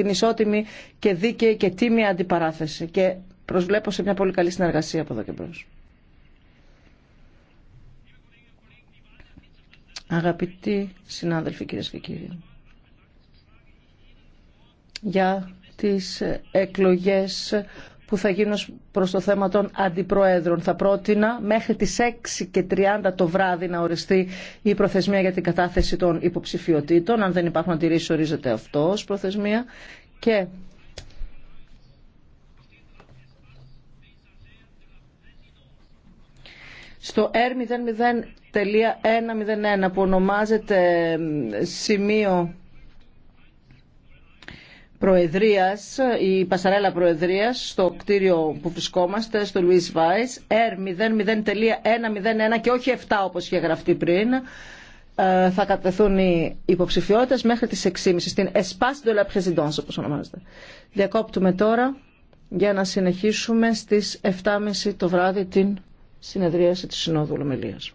την ισότιμη και δίκαιη και τίμια αντιπαράθεση. Και προσβλέπω σε μια πολύ καλή συνεργασία από εδώ και μπρος. Αγαπητοί συνάδελφοι, κυρίες και κύριοι, για τις εκλογές που θα γίνουν προς το θέμα των αντιπροέδρων. Θα πρότεινα μέχρι τις 6 και 30 το βράδυ να οριστεί η προθεσμία για την κατάθεση των υποψηφιωτήτων. Αν δεν υπάρχουν αντιρρήσεις ορίζεται αυτό ως προθεσμία. Και στο R00101 που ονομάζεται σημείο Προεδρίας, η Πασαρέλα Προεδρίας στο κτίριο που βρισκόμαστε, στο Λουίς Βάις, R00.101 και όχι 7 όπως είχε γραφτεί πριν. Ε, θα κατεθούν οι υποψηφιότητες μέχρι τις 6.30 στην Espace de la Présidence όπως ονομάζεται. Διακόπτουμε τώρα για να συνεχίσουμε στις 7.30 το βράδυ την συνεδρίαση της Συνόδου Λομελίας.